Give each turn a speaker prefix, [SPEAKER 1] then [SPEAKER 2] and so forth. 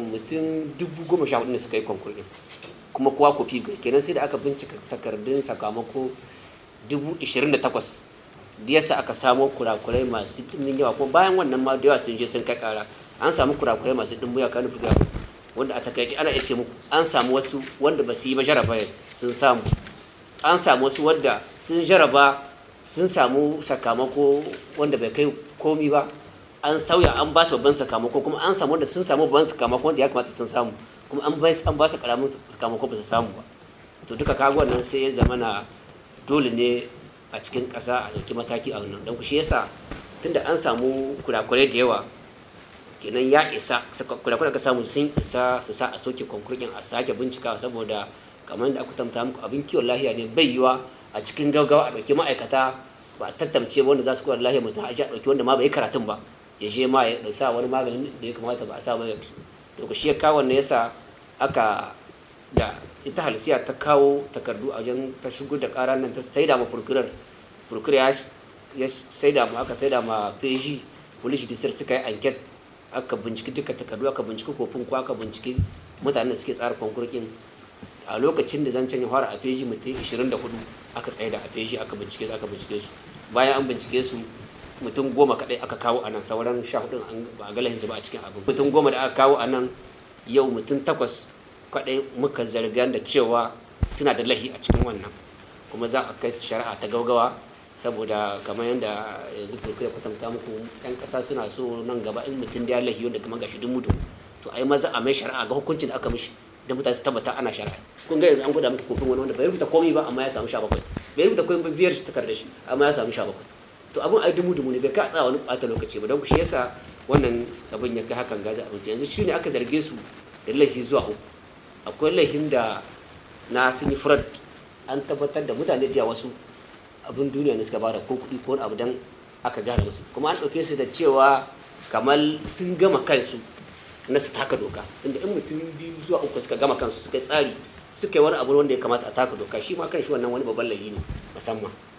[SPEAKER 1] mutum dubu goma sha hudu ne suka yi konkur din kuma kowa kofi biyu kenan sai da aka bincika takardun sakamako dubu ishirin da takwas yasa aka samo kurakurai masu dimbin yawa kuma bayan wannan ma da yawa sun je sun kai kara an samu kurakurai masu dimbin yawa kanu fuga wanda a takaice ana iya ce muku an samu wasu wanda ba su yi ba jaraba sun samu an samu wasu wanda sun jaraba sun samu sakamako wanda bai kai komi ba an sauya an ba su babban sakamako kuma an samu da sun samu babban sakamako wanda ya kamata sun samu kuma an ba su an ba su karamin sakamako ba su samu ba to duka kago wannan sai ya zama na dole ne a cikin ƙasa a ɗauki mataki a wannan don shi yasa tunda an samu kurakurai da yawa kenan ya isa kurakurai ka samu sun isa su sa a soke konkurkin a sake bincika saboda kamar da aka tamta muku abin kiwon lahiya ne bai yiwa a cikin gaggawa a ɗauki ma'aikata ba a tantance wanda za su kula da lahiyar mutum a ɗauki wanda ma bai karatun ba ya je ma ya sa wani maganin da ya kamata ba a sa mai to shi ya kawo ya yasa aka da ita halsiya ta kawo takardu a wajen ta shigo da ƙara nan ta saida ma furkurar furkurar ya saida ma aka saida ma peji police district suka yi anket aka binciki duka takardu aka binciki kofin ko aka binciki mutanen da suke tsara kwankurkin a lokacin da zancen ya fara a peji mutum 24 aka tsaye da a peji aka bincike aka bincike su bayan an bincike su mutum goma kadai aka kawo a nan sauran sha hudun ba a galahinsu ba a cikin abin mutum goma da aka kawo a nan yau mutum takwas kadai muka zargan da cewa suna da lahi a cikin wannan kuma za a kai su shari'a ta gaugawa saboda kamar yadda yanzu turkiyya kwatanta muku yan kasa suna so nan gaba in mutum da ya lahi wanda kamar gashi dun mutu to ai maza a mai shari'a ga hukuncin da aka mishi da mutane su tabbata ana shari'a kun ga yanzu an gwada muku kofin wani wanda bai rubuta komai ba amma ya samu sha bakwai bai rubuta komai ba biyar shi takardar shi amma ya samu sha bakwai to abin ai dubu dumu ne bai ka tsaya wani bata lokaci ba don shi yasa wannan abin ya kai hakan gaza abinci yanzu shi ne aka zarge su da laifi zuwa uku akwai laifin da na sun yi an tabbatar da mutane da wasu abin duniya ne suka bada ko kuɗi ko abu dan aka gane musu kuma an ɗauke su da cewa kamar sun gama kansu na su taka doka inda in mutum biyu zuwa uku suka gama kansu suka tsari suka yi wani abu wanda ya kamata a taka doka shi ma kan shi wannan wani babban laifi ne musamman